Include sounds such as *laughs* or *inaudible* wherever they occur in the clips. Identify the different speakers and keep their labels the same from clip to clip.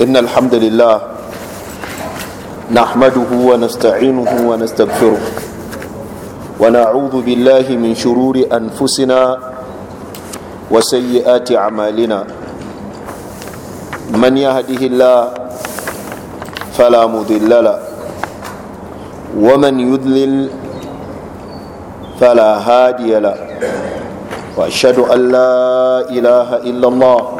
Speaker 1: إن الحمد لله نحمده ونستعينه ونستغفره ونعوذ بالله من شرور أنفسنا وسيئات أعمالنا من يهده الله فلا مضل له ومن يذلل فلا هادي له واشهد ان لا اله الا الله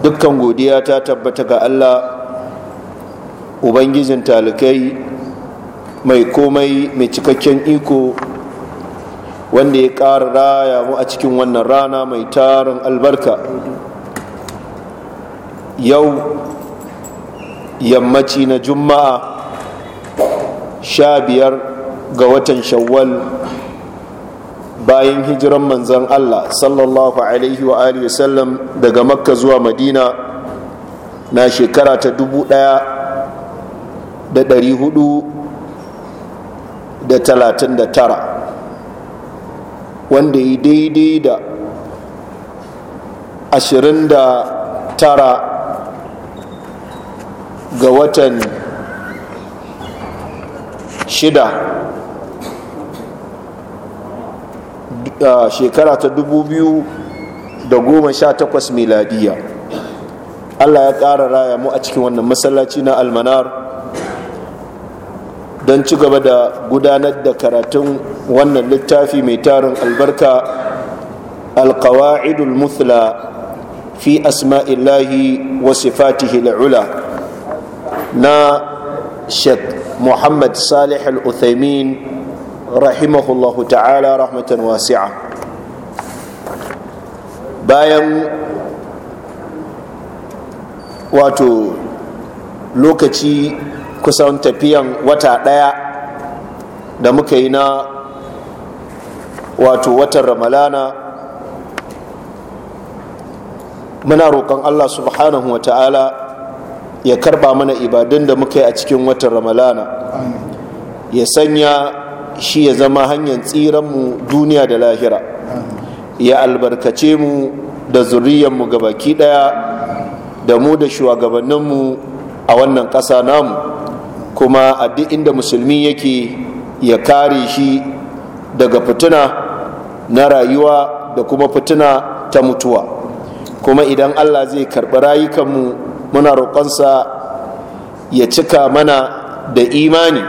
Speaker 1: dukkan godiya ta tabbata ga Allah ubangijin talikai mai komai mai cikakken iko wanda ya ƙara raya mu a cikin wannan rana mai tarin albarka yau yammaci na juma'a sha biyar ga watan shawwal bayan hijiran manzan Allah sallallahu alaihi wa alihi wasallam daga makka zuwa madina na shekara ta dubu ɗaya da ɗari hudu da talatin da tara wanda yi daidai da ashirin da tara ga watan shida shekara ta dubu biyu da goma sha 2018 miladiya allah ya ƙara raya mu a cikin wannan masallaci na almanar don ci gaba da gudanar da karatun wannan littafi mai tarin albarka alkawa'idul muthla fi asma'illahi wa sifatihi la'ula na sheikh muhammad salih al-uthaymin rahimahullahu ta'ala rahmatan wasi'a bayan wato lokaci kusan tafiyan wata ɗaya da muka yi na wato watan ramalana muna roƙon allah subhanahu wa ta'ala ya karba mana ibadun da muka yi a cikin watan ramalana ya sanya shi ya zama hanyar tsiranmu duniya da lahira ya albarkace mu da zurriyanmu baki ɗaya da mu da shugabanninmu a wannan ƙasa namu kuma a duk inda musulmi yake ya kare shi daga fituna na rayuwa da kuma fituna ta mutuwa kuma idan allah zai karɓi rayukanmu muna roƙonsa ya cika mana da imani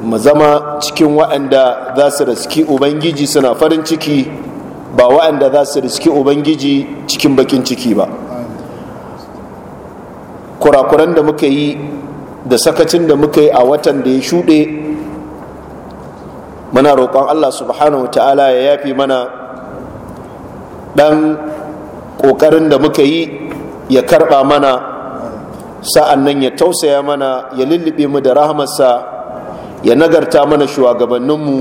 Speaker 1: mu zama cikin waɗanda za su riski ubangiji suna farin ciki ba waɗanda za su riski ubangiji cikin bakin ciki ba kurakuran da muka yi da sakacin da muka yi a watan da ya shuɗe muna roƙon allah subhanahu ta'ala ya yafi mana ɗan ƙoƙarin da muka yi ya karɓa mana sa'an nan ya tausaya mana ya lullube mu da rahamarsa ya nagarta mana shugabanninmu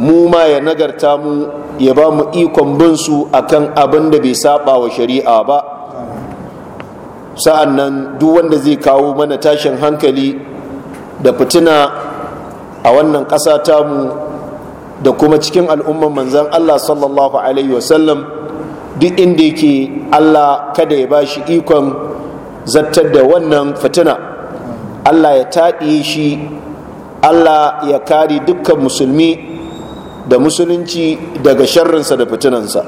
Speaker 1: mu ma ya nagarta mu ya ba mu ikon bin su akan abin da bai saba wa shari'a ba sa'an nan duk wanda zai kawo mana tashin hankali da fitina a wannan ƙasa tamu da kuma cikin al'umman manzan allah sallallahu alaihi wasallam duk inda yake allah kada ya ba shi ikon zartar da wannan fitina allah ya taɗe shi Allah ya kari dukkan musulmi da musulunci daga sharrinsa da fitinansa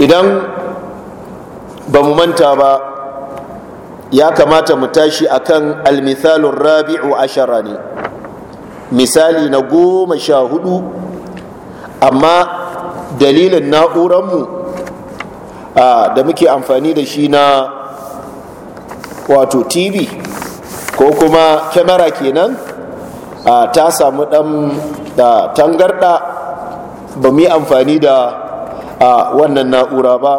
Speaker 1: idan ba mu manta ba ya kamata mu tashi akan almithalun rabi'u ashara ne misali na goma sha hudu amma dalilin na'uranmu da muke amfani da shi na wato tv ko kuma kyamara kenan ta samu dan tangarda ba mu yi amfani da wannan na'ura ba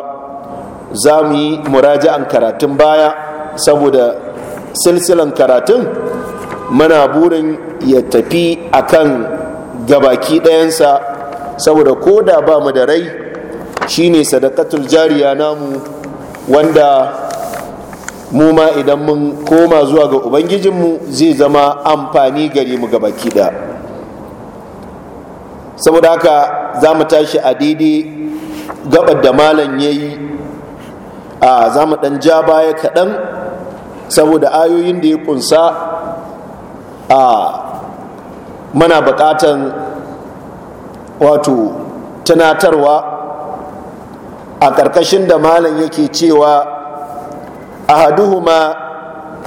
Speaker 1: za mu yi muraja'an karatun baya saboda silsilan karatun muna burin ya tafi a kan gabaki ɗayansa saboda ko da ba mu da rai shine sadakatul jariya namu wanda mu ma idan mun koma zuwa ga ubangijinmu zai zama amfani gare mu gabaki da saboda haka za mu tashi a daidai gabar da malam ya yi a za mu ɗan ja baya kaɗan saboda ayoyin da ya kunsa a mana bukatan wato tunatarwa a ƙarƙashin da malam yake cewa ahaduhuma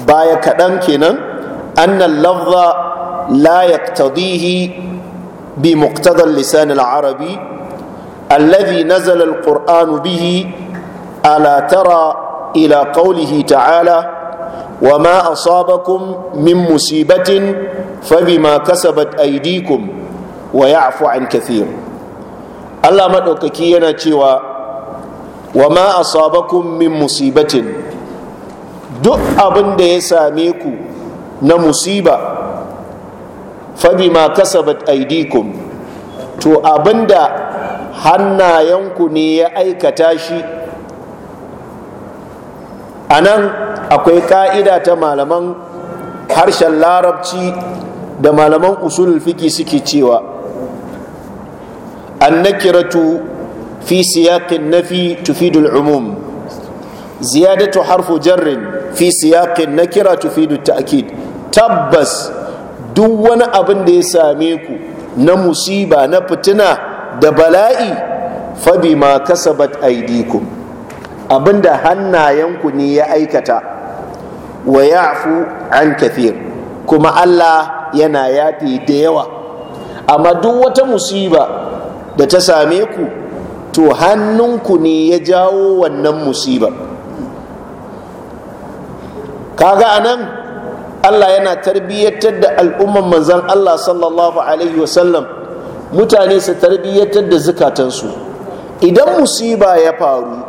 Speaker 1: baya kaɗan kenan annan lafza la ya taɗihi bi muktadar lisan al’arabi allazi nazala al’ur’anu bihi ala tara ila ƙaulihi ta’ala wa ma a sabakun min musibatin fabi ma kasabat aidikum wa ya afu an kafir allah maɗaukaki yana cewa wa ma a sabakun min musibatin duk abin da ya same ku na musiba fabima kasabat aidikum to abin da hannayenku ne ya aikata shi a nan akwai ka'ida ta malaman harshen larabci da malaman usulul fiki suke cewa annakiratu fi siyaqin nafi tufidul umum ziyadatu harfu jarrin fi na kira tufidu ta'kid tabbas duk wani abin da ya same ku na musiba na fitina da bala'i fabi ma kasabat aidikum abinda hannayenku ne ya aikata wa ya'fu an kafir kuma Allah yana yafi da yawa amma duk wata musiba da ta same ku to hannunku ne ya jawo wannan musibar kaga anan Allah yana tarbiyyatar da al'umman manzan Allah sallallahu alaihi wasallam mutane su tarbiyyatar da zukatansu idan musiba ya faru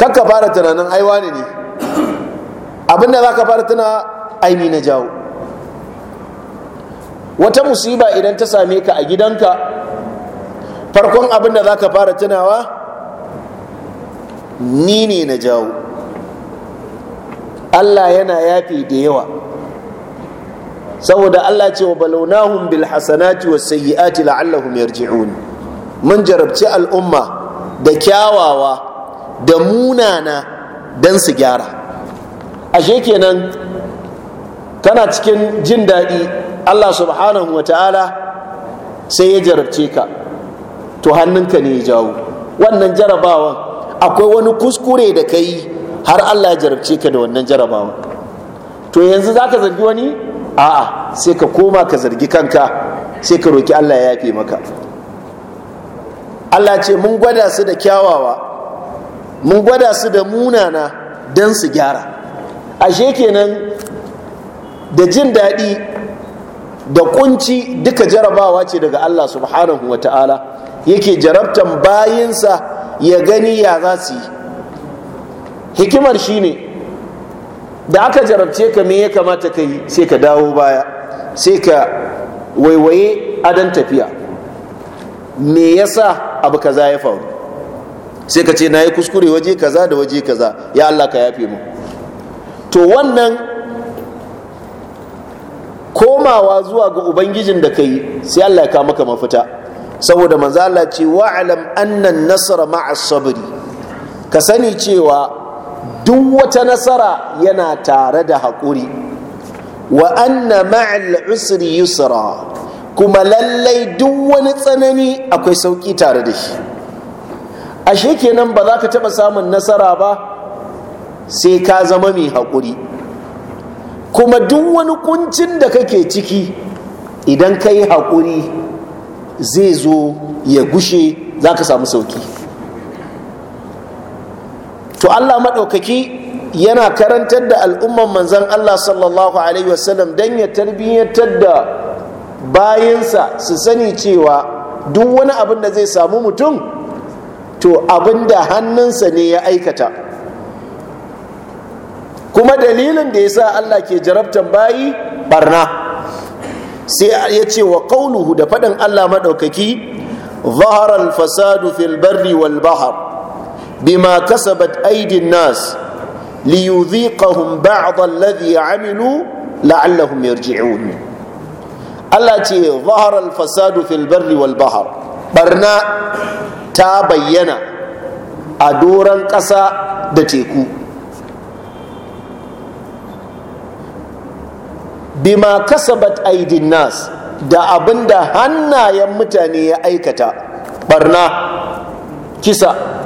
Speaker 1: kaka fara tunanin aiwa ne ne abinda za ka fara tuna aini na jawo wata musiba idan ta same ka a gidanka farkon abinda za ka fara tunawa ni ne na jawo Allah yana yafi da yawa saboda Allah ce wa balawnahum bil hasanati was la'allahum yarji'un mun jarabci al'umma da kyawawa da munana dan su gyara ashe kenan kana cikin jin daɗi Allah subhanahu wa ta'ala sai ya jarabce ka to hannunka ne ya jawo wannan jarabawan akwai wani kuskure da ka har Allah ya jarabce ka da wannan jarabawa to yanzu za ka zargi wani a'a sai ka koma ka zargi kanka sai ka roki Allah ya yafe maka Allah ce mun gwada su da kyawawa mun gwada su da munana don su gyara ashe kenan da jin daɗi da kunci duka jarabawa ce daga Allah subhanahu wa ta'ala yake jarabtan bayinsa ya gani ya za su yi hikimar shine da aka jarabce ka me ya kamata ka yi sai ka dawo baya sai ka waiwaye adon tafiya me yasa abu kaza ya faru sai ka ce na yi kuskure waje kaza da waje kaza ya Allah ka yafe mu to wannan komawa zuwa ga ubangijin da ka yi sai Allah ya maka mafita saboda manzo Allah ce wa'alam annan nasara ma'a sabri ka sani cewa duk wata nasara yana tare da haƙuri wa anna ma'al usri yusra kuma lallai duk wani tsanani akwai sauƙi tare da shi ashe kenan ba za ka taɓa samun nasara ba sai ka zama mai haƙuri kuma duk wani kuncin da kake ciki idan ka yi haƙuri zai zo ya gushe za ka samu sauƙi to Allah maɗaukaki yana karantar da al'umman manzan Allah sallallahu alaihi wasallam don ya tarbiyyantar da bayansa su sani cewa duk wani abin da zai samu mutum to abin da hannunsa ne ya aikata kuma dalilin da ya sa Allah ke jarabtan bayi barna sai ya ce wa ƙauluhu da faɗin Allah maɗaukaki fasadu fil barri wal bahar bima kasabat aidin nas liyudhiqahum ba'd alladhi amilu la'allahum yarji'un Allah ce zahara al-fasadu fil barri barna ta bayyana a doran ƙasa da teku bima kasabat aidin nas da abinda hannayen mutane ya aikata barna kisa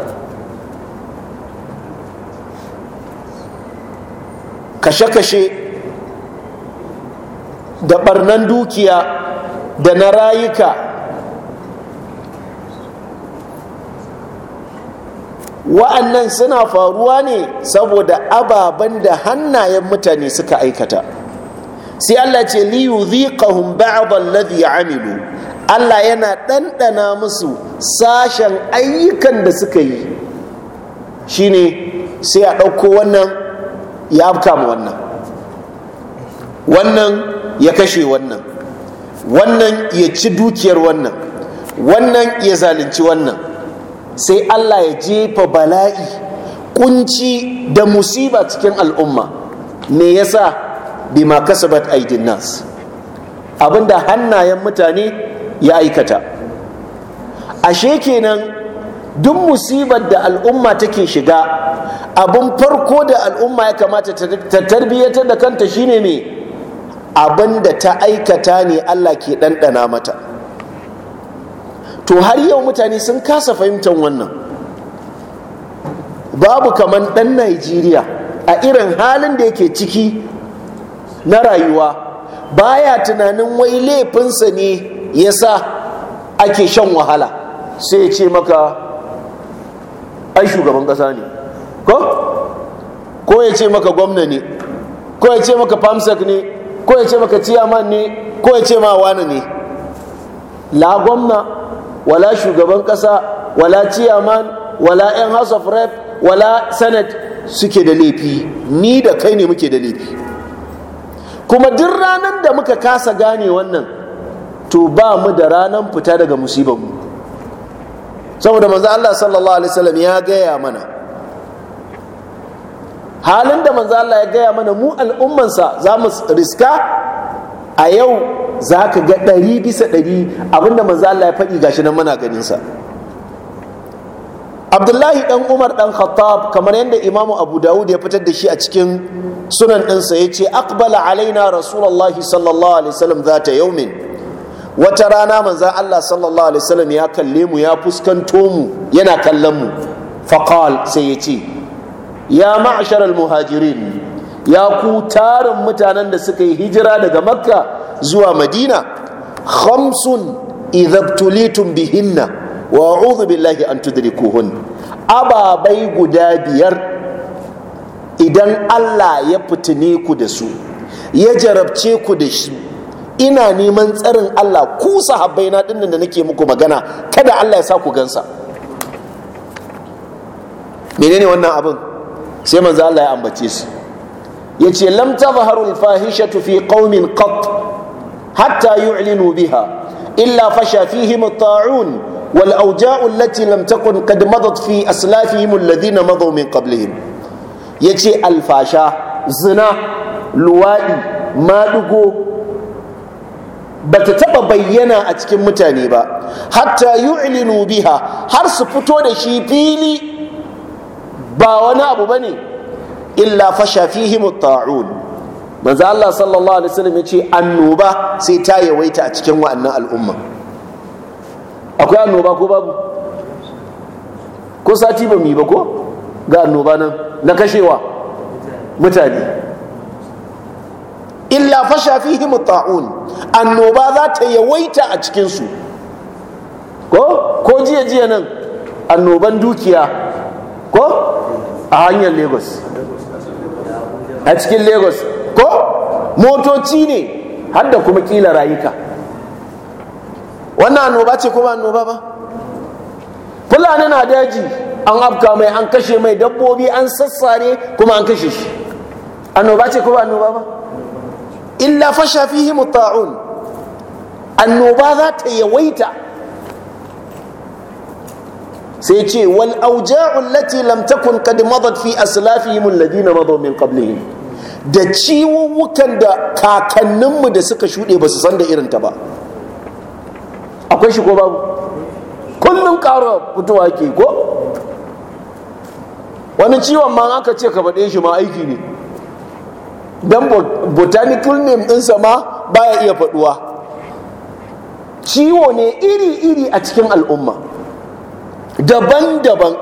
Speaker 1: kashe-kashe da barnan dukiya da na rayuka wa'annan suna faruwa ne saboda ababen da hannayen mutane suka aikata sai Allah ce liyu zikahun ba'adon ladhi amilu Allah yana ɗanɗana musu sashen ayyukan da suka yi shine sai a ɗauko wannan ya afka ma wannan wannan ya kashe wannan wannan ya ci dukiyar wannan wannan ya zalunci wannan sai allah ya jefa bala'i kunci da musiba cikin al'umma me yasa bima kasabat aidin nas abinda hannayen mutane ya aikata ashe kenan duk musibar da al'umma take shiga abin farko da al'umma ya kamata ta tarbiyyatar da kanta shine ne abin da ta aikata ne Allah ke ɗanɗana mata to har yau mutane sun kasa fahimtar wannan babu kamar ɗan Najeriya a irin halin da yake ciki na rayuwa baya tunanin wai laifinsa ne ya sa ake shan wahala sai ya ce maka ai shugaban kasa ne ko ko ya ce maka gwamna ne ko ya ce maka famsak ne ko ya ce maka ciyaman ne ko ya ce ma wani ne la gwamna wala shugaban kasa wala ciyaman wala yan house of rep wala senate suke da laifi ni da kai ne muke da laifi kuma duk ranar da muka kasa gane wannan to ba mu da ranar fita daga musibanmu saboda manzo Allah sallallahu alaihi wasallam ya gaya mana halin da manzo Allah ya gaya mana mu al'ummansa za mu riska a yau za ka ga ɗari bisa ɗari abinda manzo Allah ya faɗi gashi nan muna ganinsa abdullahi ɗan umar ɗan khattab kamar yadda imamu abu dawud ya fitar da shi a cikin sunan ɗinsa ya ce aqbala alaina rasulullahi sallallahu alaihi wasallam zata yaumin wata rana manzan Allah sallallahu alaihi wasallam ya kalle mu ya fuskanto mu yana kallon mu faqal sai ya ce ya ma'ashar muhajirin ya ku tarin mutanen da suka yi hijira daga makka zuwa madina khamsun idabtulitum bihinna wa a'udhu billahi an tudrikuhun ababai guda biyar idan Allah ya fitine ku da su ya jarabce ku da shi ina neman tsarin Allah ku sahabbai na dinnan da nake muku magana kada Allah ya sa ku gansa menene wannan abin sai manzo Allah ya ambace su yace lam tazharu al-fahishatu fi qaumin qat hatta yu'linu biha illa fasha fihim at-ta'un wal awja'u allati lam takun qad madat fi aslafihim alladhina madaw min qablihim yace al-fasha zina luwadi madugo ba ta taɓa bayyana a cikin mutane ba hatta yu'linu biha har su fito da shi fili ba wani abu ba ne illa fasha fihi mutta'un manzo Allah sallallahu alaihi wasallam yace annoba sai ta yawaita a cikin wa'annan al'umma akwai annoba ko babu ko sati ba mu yi ba ko ga annoba nan na kashewa mutane illa fasha fihi ta'un annoba za ta yawaita a cikin su ko ko jiya jiya nan annoban dukiya ko a hanyar lagos a cikin lagos ko motoci ne har da kuma kila rayuka wannan annoba ce kuma annoba ba fulani na daji an afka mai an kashe mai dabbobi an sassare kuma an kashe shi annoba ce kuma annoba ba illa fasha fihim ta'un annoba za ta yawaita sai ce wal auja'u allati lam takun qad madat fi aslafihim alladhina madaw min qablihim da ciwuwukan da kakanninmu da suka shuɗe ba su san da irinta ba akwai shi ko babu kullum ƙara fitowa ke ko wani ciwon ma aka ce ka baɗe shi ma aiki ne don botanical name ɗinsa ma baya iya faɗuwa ciwo ne iri-iri a cikin al'umma daban-daban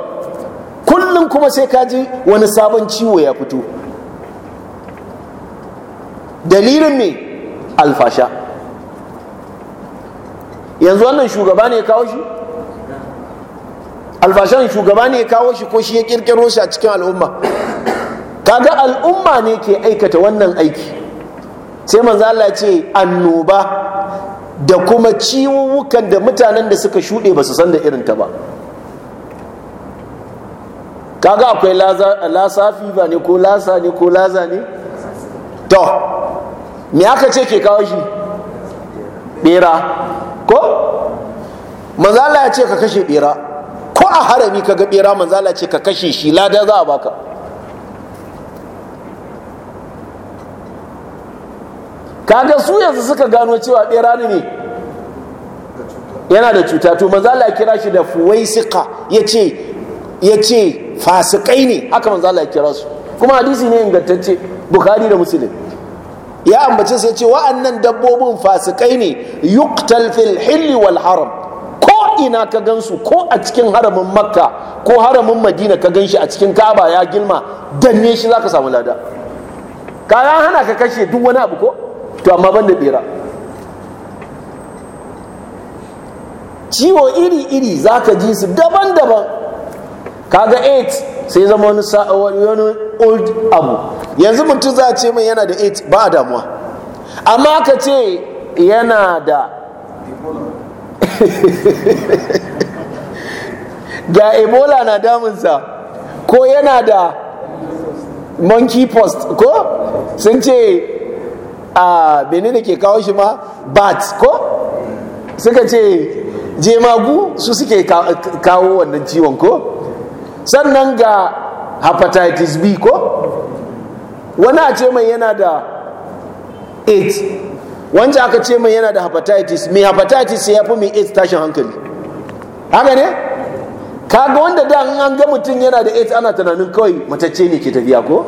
Speaker 1: kullum kuma sai ka ji wani sabon ciwo ya fito dalilin ne alfasha yanzu wannan shugaba ne ya kawo shi alfashan shugaba ne ya kawo shi ko shi ya kirkiro shi a cikin al'umma kaga al'umma ne ke aikata wannan aiki sai manzala ce annoba da kuma ciwuwukan da mutanen da suka shuɗe ba su san da irin ta ba kaga akwai lasafi ba ne ko lasa ne ko laza ne to me aka ce ke kawo shi bera ko manzala ya ce ka kashe bera ko a harami ka ga bera manzala ce ka kashe shi lada za a baka kaga su yanzu suka gano cewa bera ne yana da cuta to manzo Allah ya kira shi da fuwaisiqa yace yace fasikai ne haka manzo Allah ya kira su kuma hadisi ne ingantacce bukhari da muslim ya ambace sai ce wa'annan dabbobin fasikai ne yuqtal fil hilli wal haram ko ina ka gansu ko a cikin haramin makka ko haramin madina ka ganshi a cikin Ka'aba ya gilma danne shi zaka samu lada ka hana ka kashe duk wani abu ko to amma ban da bera ciwo iri-iri za ka ji su daban-daban kaga 8 sai zama wani wani old abu yanzu mutum za a ce mai yana da 8 ba a damuwa amma ka ce yana da *laughs* ga ebola na damunsa ko yana da monkey post ko sun ce a ah, benin ke kawo shi ma bat ko suka ce jemagu su suke kawo wannan ciwon ko sannan ga hepatitis b ko wani a ce mai yana da 8 wancan aka ce mai yana da hepatitis mai hepatitis ya fi mai 8 tashin hankali haka ne kaga wanda da an ga mutum yana da 8 ana tunanin kawai matacce ne ke tafiya ko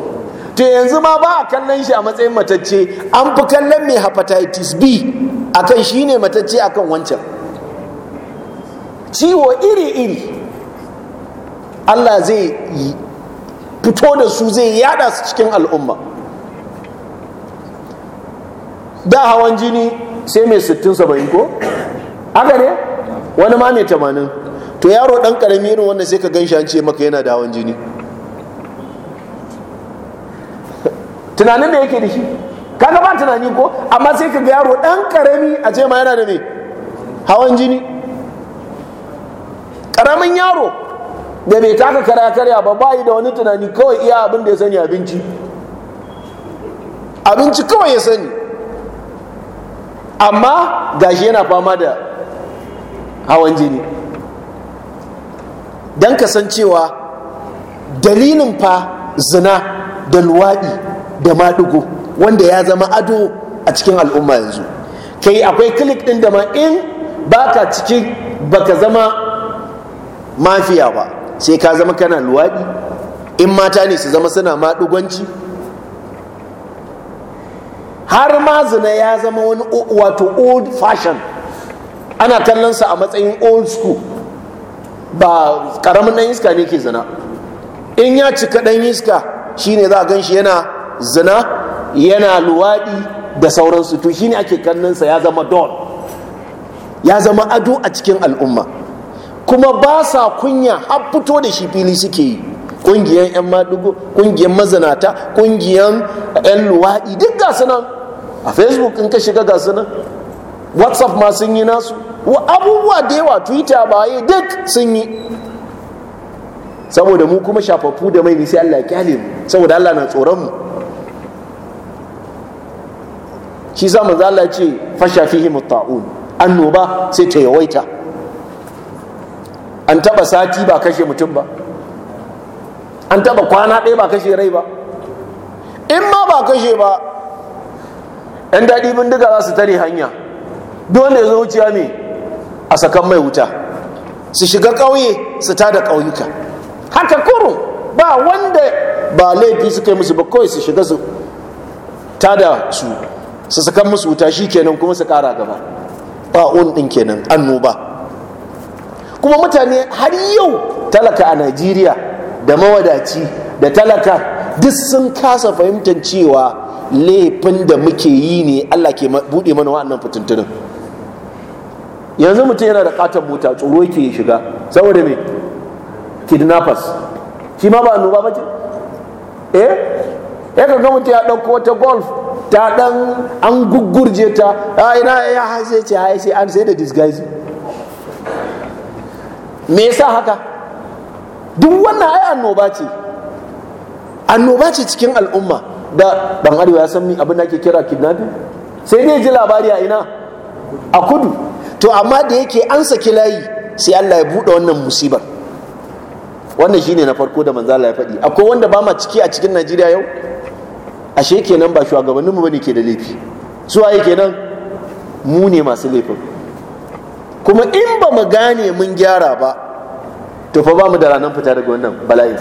Speaker 1: to yanzu ma ba a kallon shi a matsayin matacce an fi kallon mai hepatitis b a kan shi ne matacce akan wancan ciwo iri-iri allah zai fito da su zai yada su cikin al'umma da hawan jini sai mai 60-70 ko haka ne wani ma mai 80 to yaro dan karami irin wanda sai ka gan shi an ce maka yana da hawan jini tunanin da yake da shi kaga ba tunani ko amma sai ka ga yaro dan karami a ce ma yana da me hawan jini karamin yaro da bai taka kara karya ba ba yi da wani tunani kawai iya abin da ya sani abinci abinci kawai ya sani amma gashi yana fama da hawan jini don kasancewa dalilin fa zina da luwaɗi da maɗigo wanda ya zama ado a cikin al'umma yanzu kai akwai klik ɗin da ma in baka cikin baka zama mafiya ba sai ka zama kana luwaɗi in mata ne su zama suna maɗugonci har ma zina ya zama wani wato old fashion ana kallonsa a matsayin old school ba karamin ɗan iska ne ke zina in ya cika ɗan iska shine za a gan shi yana zina yana luwaɗi da sauransu to shine ake kannansa ya zama don ya zama ado a cikin al'umma kuma ba sa kunya har fito da shi fili suke yi kungiyan 'yan madugo kungiyan mazanata kungiyan 'yan luwaɗi duk gasu nan a facebook in ka shiga gasu nan whatsapp ma sun yi nasu abubuwa da yawa twitter baye duk sun yi saboda mu kuma shafaffu da mai sai Allah ya kyale mu saboda Allah na tsoron mu shi sa manzo Allah ce fasha fihi mutta'un annoba sai ta yawaita an taba sati ba kashe mutum ba an taba kwana ɗaya ba kashe rai ba in ma ba kashe ba yan daɗi bindiga za su tare hanya dole ya zo wuciya me a sakan mai wuta su shiga ƙauye su tada ƙauyuka haka kurun ba wanda ba laifi suka yi musu ba kawai su shiga su tada su su sakan musu wuta shi kenan kuma su kara gaba ba'un din kenan annoba kuma mutane har yau talaka a najeriya da mawadaci da talaka duk sun kasa fahimtar cewa laifin da muke yi ne allah ke buɗe mana wa'annan fitintunin yanzu mutum yana da katon mota tsoro yake shiga saboda me kidnappers shi ma ba annoba ba ce eh ya ka gama ya ɗauko wata golf ta ɗan an gugurje ta a ah, ina ya haise ce haise an sai da disguise me yasa haka duk wannan ai annoba ce annoba ce cikin al'umma da ɗan arewa ya san abin da ake kira kidnapping sai dai ji labari a ina a kudu to amma da yake an saki layi sai Allah ya buɗe wannan musibar wannan shine na farko da manzala ya faɗi akwai wanda ba ma ciki a cikin Najeriya yau ashe kenan ba shugabanninmu bane ke da laifi su waye kenan mu ne masu laifin kuma in ba mu gane mun gyara ba to fa ba mu da ranar fita daga wannan bala'in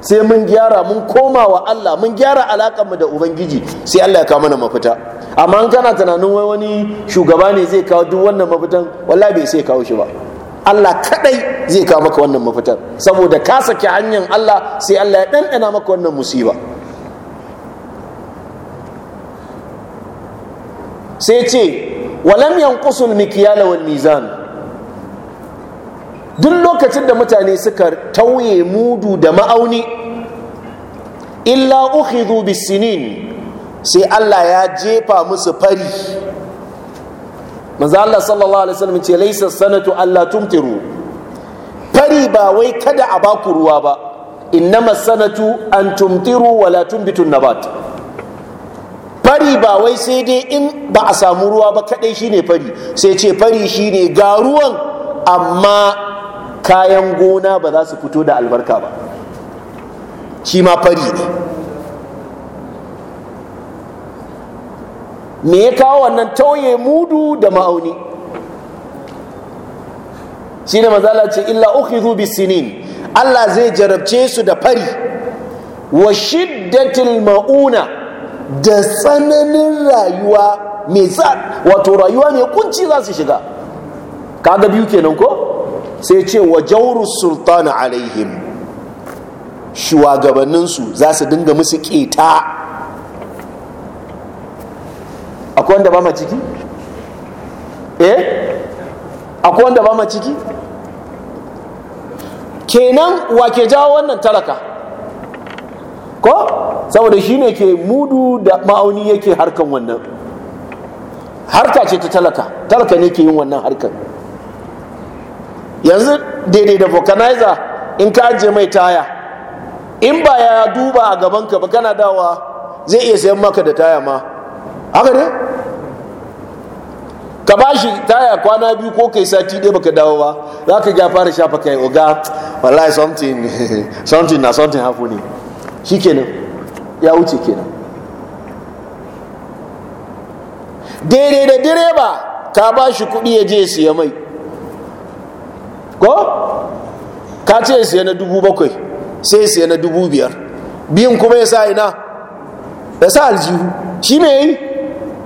Speaker 1: sai mun gyara mun koma wa Allah mun gyara alakar mu da ubangiji sai Allah ya kawo mana mafita amma an kana tunanin wai wani shugaba ne zai kawo duk wannan mafitan wallahi bai sai kawo shi ba Allah kadai zai kawo maka wannan mafitan saboda ka saki hanyar Allah sai Allah ya ɗanɗana maka wannan musiba sai ce walam kusur mikyala wal mizan duk lokacin da mutane suka tauye mudu da ma'auni illa ukhidhu bisinin sai Allah ya jefa musu fari manzo Allah sallallahu alaihi wasallam ce laysa sanatu alla tumtiru fari ba wai kada a baku ruwa ba innamas sanatu an tumtiru wala tumbitu nabat fari ba wai sai dai in ba a samu ruwa ba kadai shine fari sai ce fari shine ga ruwan amma kayan gona ba za su fito da albarka ba shi ma fari ne me ya kawo wannan tauye mudu da ma'auni shi ne mazala ce illa ukhidhu sinin. Allah zai jarabce su da fari wa shiddatil ma'una da tsananin rayuwa mai tsar wato rayuwa mai kunci za su shiga kaga biyu kenan ko sai ce wa jauru sultana alaihim shugabanninsu za su dinga musu keta akwai wanda ba ma ciki? eh akwai wanda ba ma ciki? kenan wa ke jawo wannan talaka ko saboda shi ne ke mudu da ma'auni yake harkan wannan harka ce ta talaka talaka ne ke yin wannan harkan yanzu daidai da vulcanizer in ka ajiye mai taya in ba ya duba a gabanka ba kana dawa zai iya sayan maka da taya ma haka ne ka ba shi taya kwana biyu ko kai sati ɗaya baka dawo ba za ka ga fara shafa kai oga wallahi something *laughs* na something ne shikenan ya wuce kenan daidai da direba ka ba shi kudi ya je siya mai ko ka ce siya na dubu bakwai sai siya na dubu biyar biyun kuma ya sa ina ya sa aljihu shi me yi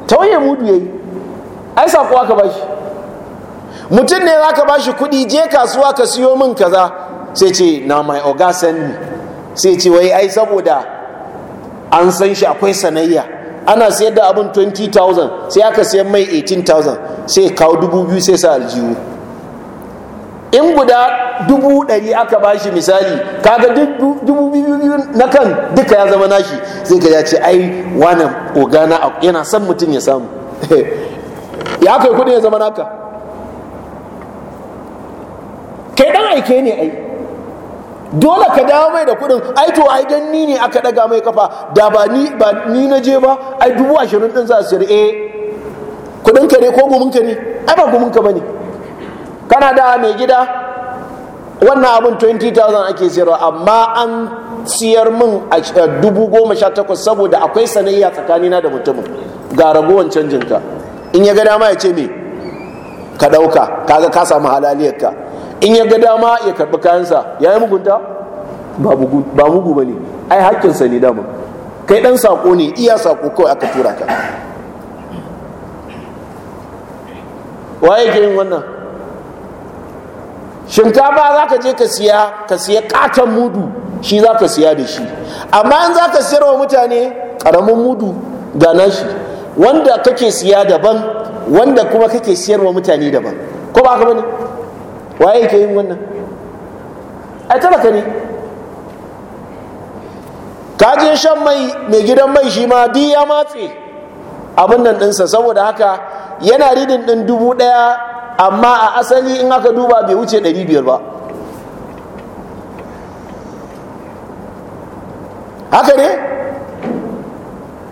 Speaker 1: ta tauye mudu ya yi ai kuwa ka ba shi mutum ne za ka ba shi kudi je kasuwa ka siyo min kaza sai ce na mai oga send me sai ce wai ai saboda an san shi akwai sanayya ana sayar da abin 20,000 sai aka sayar mai 18,000 sai kawo dubu biyu sai sa aljihu in guda dubu aka aka shi misali kaga dubu biyu na kan duka ya zama nashi zai ga ya ce ai wannan ogana yana son mutum ya samu *laughs* ya kai kudin ya zama naka kai dan aike ne ai dole ka dawo mai da kudin ai to ai dan ni ne aka daga mai kafa da ba ni ba ni na je ba ai dubu ashirin din za su eh kudin ka ne ko gumin ka ne ai ba gumin ka bane kana da mai gida wannan abun 20,000 ake siyarwa amma an siyar min a dubu goma sha takwas saboda akwai sanayya tsakanina da mutumin ga ragowar canjinka in ya ga dama ya ce me ka ɗauka kaga ka samu halaliyarka in ya ga dama ya karɓi kayansa ya yi mugunta ba mugu ba ne ai hakkinsa ne dama kai ɗan sako ne iya sako kawai aka tura ka waye ke yin wannan shinkafa za ka je ka siya ka siya katon mudu shi za ka siya da shi amma in za ka siyar wa mutane karamin mudu ga nashi wanda kake siya daban wanda kuma kake siyar wa mutane daban ko ba ka bane waye ke yin wannan ai talaka ne ka je shan mai mai gidan mai shi ma di ya matse abin nan ɗinsa saboda haka yana ridin ɗin dubu ɗaya amma a asali in aka duba bai wuce ɗari biyar ba haka ne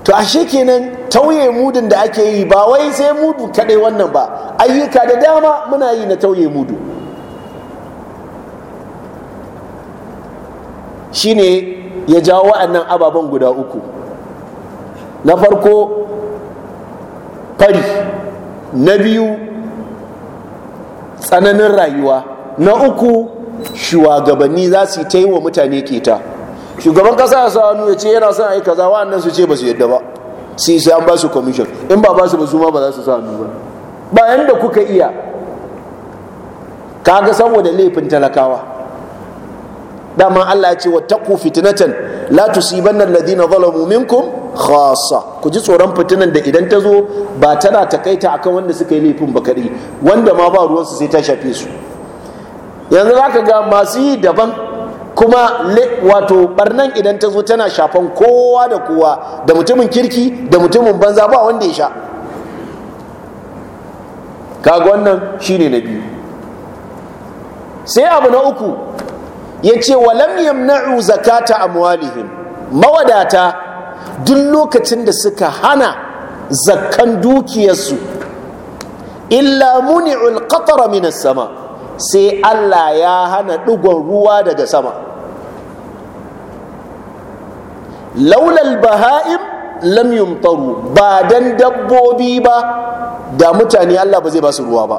Speaker 1: to ashe kenan tauye mudun da ake yi ba wai sai mudu kaɗai wannan ba ayyuka da dama muna yi na tauye mudu Shi ne ya jawo wa'annan ababen guda uku na farko fari na biyu tsananin rayuwa na uku shugabanni za su ta yi wa mutane keta shugaban kasa ya hannu ya ce yana son aika za kaza wa'annan su ce ba su yadda ba su yi an ba su commission in ba ba su ba su ba za su sa hannu ba bayan da kuka iya kaga saboda laifin talakawa dama Allah ya ce wa taku fitinatan la tusibanna alladhina zalamu minkum khassa ku ji tsoron fitinan da idan ta zo ba tana takaita akan wanda suka yi laifin ba kadi wanda ma ba ruwan su sai ta shafe su yanzu zaka ga masu yi daban kuma wato barnan idan ta zo tana shafan kowa da kowa da mutumin kirki da mutumin banza ba wanda ya sha kaga wannan shine na biyu sai abu na uku ya ce walam yamna'u zakata amwalihim mawadata duk lokacin da suka hana zakkan dukiyarsu illa muni'ul qatara minas sama sai Allah ya hana digon ruwa daga sama laulal baha'im lam yumtaru ba dan dabbobi ba da mutane Allah ba zai ba su ruwa ba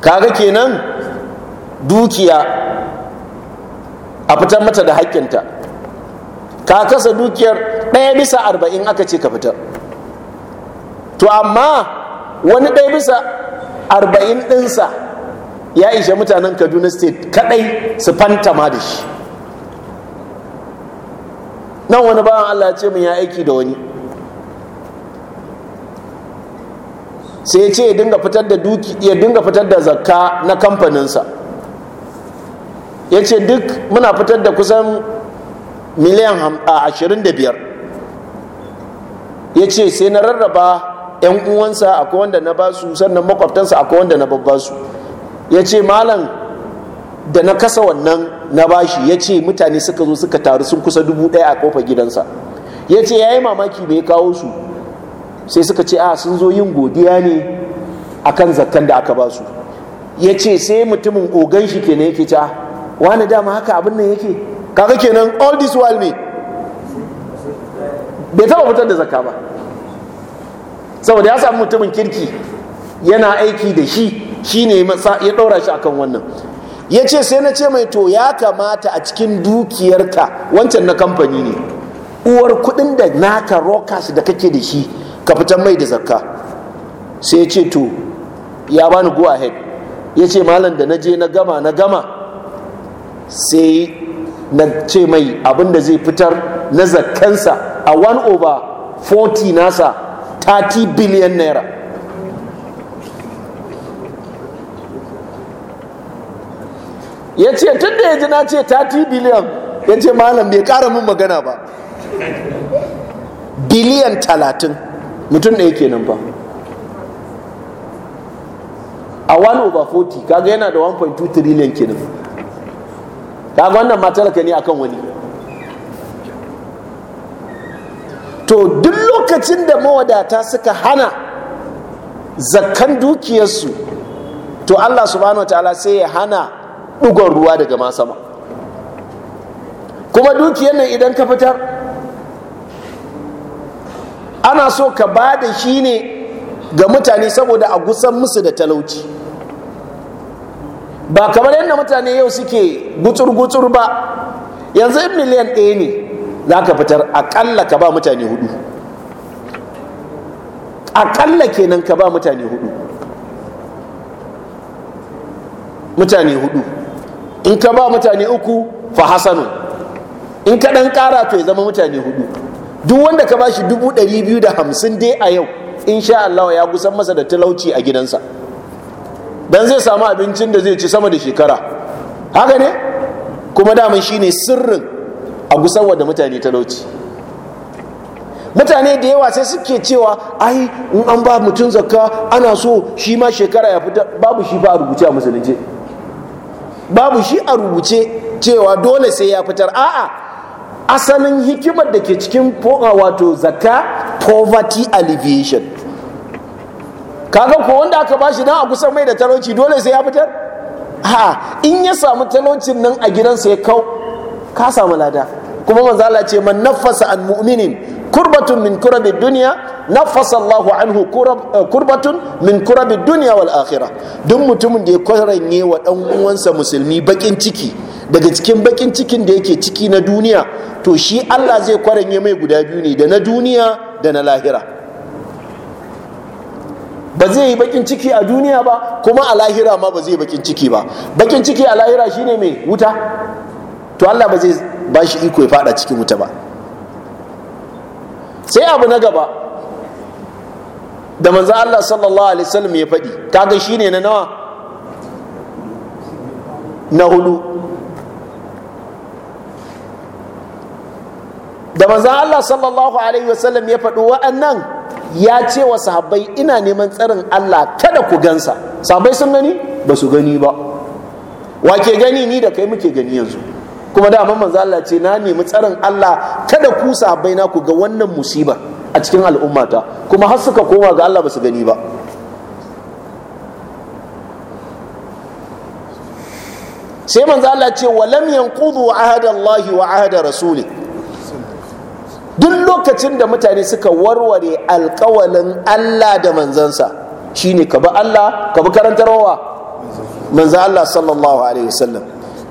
Speaker 1: kaga kenan dukiya a fitar mata da hakkinta ka kasa dukiyar ɗaya bisa arba'in aka ce ka fitar to amma wani ɗaya bisa arba'in ɗinsa ya ishe mutanen kaduna state kaɗai su fantama da shi nan wani bawan allah ce mun ya aiki da wani sai ya ce ya dinga fitar da duki ya dinga fitar da zakka na kamfaninsa ya ce duk muna fitar da kusan miliyan ashirin da biyar ya ce sai na rarraba 'yan uwansa akwai wanda na basu sannan makwabtansa akwai wanda na babbasu ya ce malam da na kasa wannan na bashi ya ce mutane suka zo suka taru sun kusa dubu ɗaya a kofar gidansa ya ce ya yi mamaki mai kawo su sai suka ce a sun zo yin godiya ne akan zakkan da aka ba su ya ce sai mutumin ogan shi kenan yake ta. wani dama haka abin nan yake kaga kenan all this while me bai taba fitar da Zaka ba saboda ya samu mutumin kirki yana aiki da shi shi ne ya ɗora shi akan wannan ya ce sai na ce mai to ya kamata a cikin dukiyarka wancan na kamfani ne uwar kuɗin da naka rokas da kake da shi ka fitar mai da zakka sai ya ce to ya bani go ahead ya ce malam da na je na gama na gama sai na ce mai abinda zai fitar na zakkansa a 1 over 40 nasa 30 biliyan naira ya ce tun da ya ji na ce 30 biliyan ya ce malam bai kara min magana ba biliyan talatin mutum ɗaya kenan fa a 1 over 40 kaga yana da 1.2 trillion kenan kaga wannan matar ka ne akan wani to duk lokacin da mawadata suka hana zakkan dukiyarsu to Allah subhanahu ta'ala sai ya hana ɗigon ruwa daga masama kuma dukiyar nan idan ka fitar ana so ka ba da shi ne ga mutane saboda a gusan musu da talauci ba kamar yadda mutane yau suke gutsur-gutsur ba yanzu in miliyan ɗaya ne za ka fitar aƙalla ka ba mutane hudu aƙalla kenan ka ba mutane hudu mutane hudu in ka ba mutane uku fa hasanu in ka ɗan ƙara to ya zama mutane hudu duk wanda ka bashi dubu ɗari biyu da hamsin dai a yau insha Allah ya gusan masa da talauci a gidansa dan zai samu abincin da zai ci sama da shekara haka ne kuma daman shine sirrin a gusan da mutane talauci mutane da yawa sai suke cewa ai in an ba mutum zakka ana so shi ma shekara ya fita babu shi ba a rubuce a musulunci babu shi a rubuce cewa dole sai ya fitar a'a asalin hikimar da ke cikin wato zaka poverty alleviation kaga ko wanda aka bashi dan a kusan mai da talauci dole sai ya fitar ha in ya samu talaucin nan a gidansa ya kau ka samu lada kuma manzala ce man nafasa an mu'minin kurbatun min kurabi duniya. nafasa Allahu anhu eh, kurbatun min kurabi duniya wal akhira duk mutumin da ya kwaranye wa dan uwansa musulmi bakin ciki daga cikin bakin cikin da yake ciki na duniya to shi Allah zai kwaranye mai guda biyu ne da na duniya da na lahira ba zai yi bakin ciki a duniya ba kuma a lahira ma ba zai bakin ciki ba bakin ciki a lahira ne mai wuta to Allah ba zai ba shi iko ya fada cikin wuta ba sai abu na gaba da manzo Allah sallallahu alaihi wasallam ya faɗi kaga shine na nawa na hudu da manzo Allah sallallahu alaihi wasallam ya faɗi wa'annan ya ce wa sahabbai ina neman tsarin Allah kada ku gansa sahabbai sun gani ba su gani ba wa ke gani ni da kai muke gani yanzu kuma da manzo Allah ce na nemi tsarin Allah kada ku sahabbai na ku ga wannan musibar a cikin al'ummata kuma har suka koma ga Allah ba su gani ba sai manzo Allah ce wa lam yanqudu ahadallahi wa ahada rasuli duk lokacin da mutane suka warware alkawalin Allah da manzansa shine ka bi Allah ka bi karantarwa manzo Allah sallallahu alaihi wasallam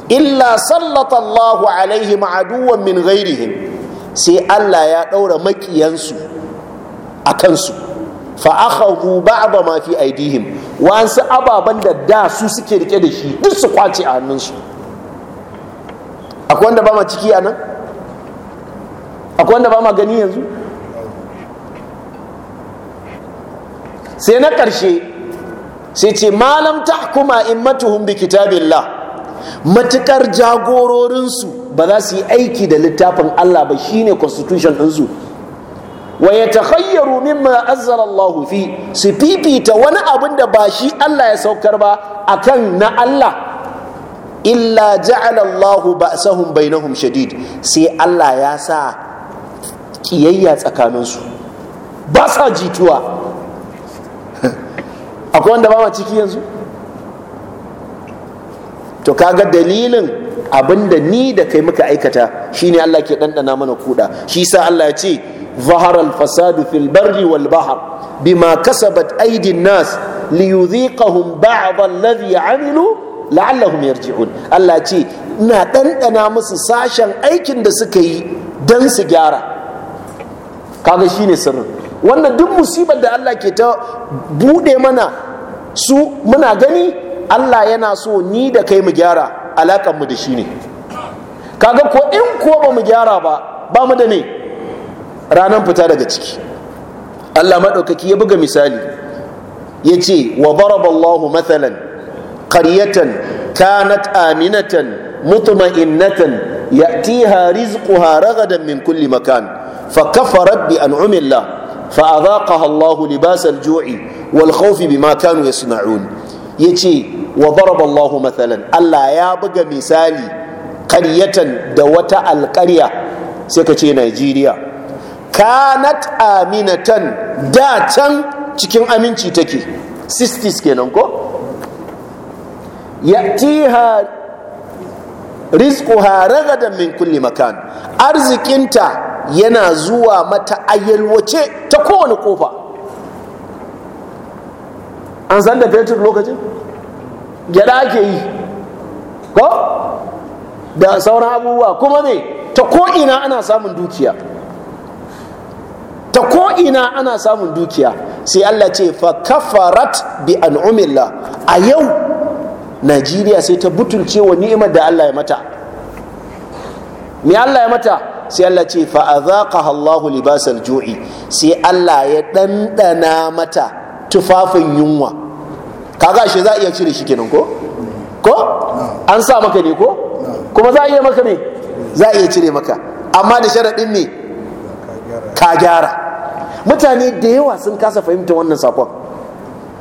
Speaker 1: illa sallallahu alaihi ma'aduwan min ghairihim sai Allah ya ɗaura maƙiyansu a kansu fa'akhahu a ba mafi aidihim wa'ansu ababen da da su suke rike da shi duk su kwace a hannunsu akwai wanda ba ma ciki a nan akwai wanda ba ma gani yanzu sai na ƙarshe sai ce malam kuma in matuhun bi kitabillah matukar jagororinsu ba za su yi aiki da littafin Allah ba shine constitution ɗinsu wa ya takhayyaru mimma azzala Allah fi su fifita wani abin da ba shi Allah ya saukar ba akan na Allah illa ja'ala Allah bai na humshadid, sai Allah ya sa kiyayya tsakaninsu ba sa jituwa *laughs* akwai wanda ba ma ciki yanzu to kaga dalilin abinda ni da kai muka aikata shine Allah ke ɗanɗana mana kuɗa shi sa Allah ya ce zaharar fasadu fil barri wal bahar bima kasabat aidin nas liyudhiqahum ba'd alladhi amilu la'allahum yarji'un Allah ce ina ɗanɗana musu sashen aikin da suka yi don su gyara kaga shine sirrin wannan duk musibar da Allah ke ta buɗe mana su muna gani Allah yana so ni da kai mu gyara alakan mu da shi ne kaga ko in ko ba mu gyara ba ba mu da ne ranar fita daga ciki Allah maɗaukaki ya buga misali ya ce wa baraballahu mathalan qaryatan kanat aminatan mutma'innatan ya'tiha rizquha ragadan min kulli makan fa kafarat bi an'amillah fa adhaqaha Allahu libas al-ju'i wal khawfi bima kanu yasna'un ya ce wa daraballahu mathalan Allah ya buga misali karyatan da wata alƙarya sai ka ce Najeriya kanat aminatan da can cikin aminci take 60s kenan ko ya'tiha rizquha ragadan min kulli makan arzikinta yana zuwa mata ayyalwace ta kowane kofa an san da fetur lokacin gyada ake yi ko da sauran abubuwa kuma ne ta ko'ina ana samun dukiya ta ko'ina ana samun dukiya sai allah ce fa kafarat bi an'umillah a yau najeriya sai ta butulce wa ni'imar da allah ya mata me allah ya mata sai allah ce fa a ka allahu libasar ju'i sai allah ya ɗanɗana mata tufafin yunwa kaga ashe za a iya cire shi kenan ko ko an sa maka ne ko kuma za a iya maka ne za a iya cire maka amma da sharaɗin me ka gyara mutane da yawa sun kasa fahimta wannan sakon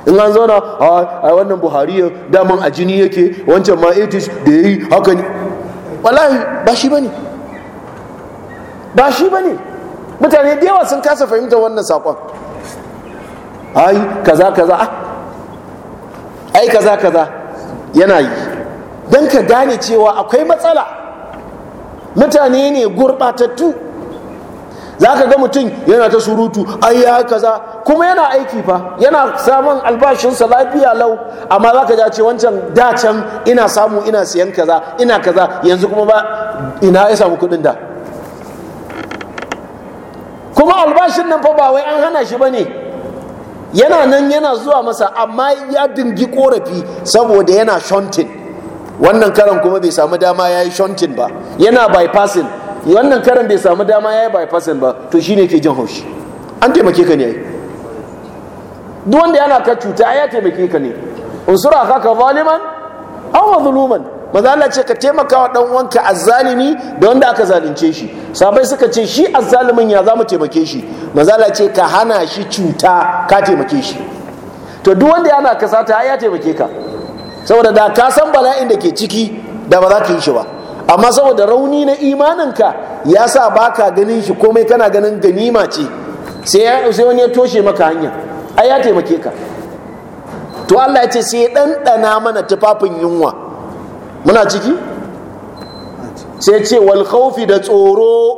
Speaker 1: in an zauna a wannan buhari ya daman a jini yake wancan ma etis da ya yi haka ne wallahi ba shi ba ne ba shi ba ne mutane da yawa sun kasa fahimta wannan sakon ai kaza kaza ah, ai kaza kaza yana yi don ka gane cewa akwai matsala mutane ne gurɓatattu za ka ga mutum yana ta surutu ai ya kaza kuma yana aiki fa yana samun albashinsa lafiya lau amma za ka ja ce wancan dacan ina samu ina siyan kaza ina kaza yanzu kuma ba ina ya samu kuɗin da kuma albashin nan fa ba wai an hana shi ba ne yana nan yana zuwa masa amma ya dingi korafi saboda yana shontin wannan karan kuma bai samu dama ya yi shontin ba yana bypassing wannan karan bai samu dama ya yi bypassing ba to shine ke jin haushi an taimake ka ne duk wanda yana ka cuta ya taimake ka ne unsura ka ka zaliman wa zuluman maza Allah ce ka taimaka wa dan uwanka azzalimi da wanda aka zalunce shi sabai suka ce shi azzalimin ya za mu taimake shi maza Allah ce ka hana shi cuta ka taimake shi to duk wanda yana kasata ya taimake ka saboda da ka san bala'in da ke ciki da ba za ka yi shi ba amma saboda rauni na imaninka ya sa baka ganin shi komai kana ganin ganima ce sai wani ya toshe maka hanya ai ya taimake ka to Allah ya ce sai ya ɗanɗana mana tufafin yunwa muna ciki sai ce wal khawfi da tsoro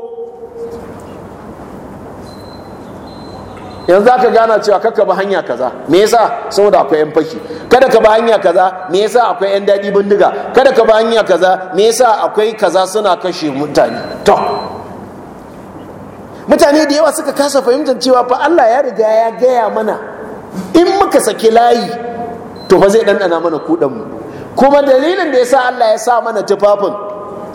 Speaker 1: yanzu za ka gana cewa kakka ba hanya kaza me yasa saboda akwai yan fashi kada ka ba hanya kaza me yasa akwai yan daɗi bindiga kada ka ba hanya kaza me yasa akwai kaza suna kashe mutane to mutane da yawa suka kasa fahimtar cewa fa Allah ya riga ya gaya mana in muka saki layi to fa zai ɗanɗana mana kuɗan mu kuma dalilin da ya sa Allah ya sa mana tufafin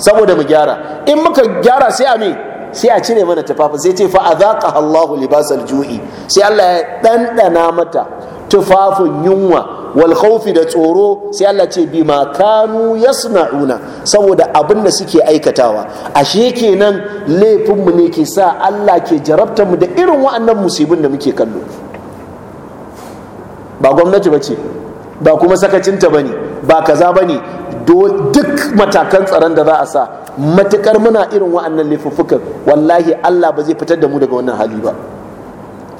Speaker 1: saboda mu gyara in muka gyara sai a me sai a cire mana tufafin sai ce fa azaqaha Allahu libasal ju'i sai Allah ya dandana mata tufafin yunwa wal khawfi da tsoro sai Allah ce bi ma kanu yasna'una saboda abin da suke aikatawa ashe kenan laifin mu ne ke sa Allah ke jarabta mu da irin wa'annan musibin da muke kallo ba gwamnati bace ba kuma sakacinta bane ba kaza ba ne duk matakan tsaron da za a sa matukar muna irin wa'annan laifuffukan wallahi Allah ba zai fitar da mu daga wannan hali ba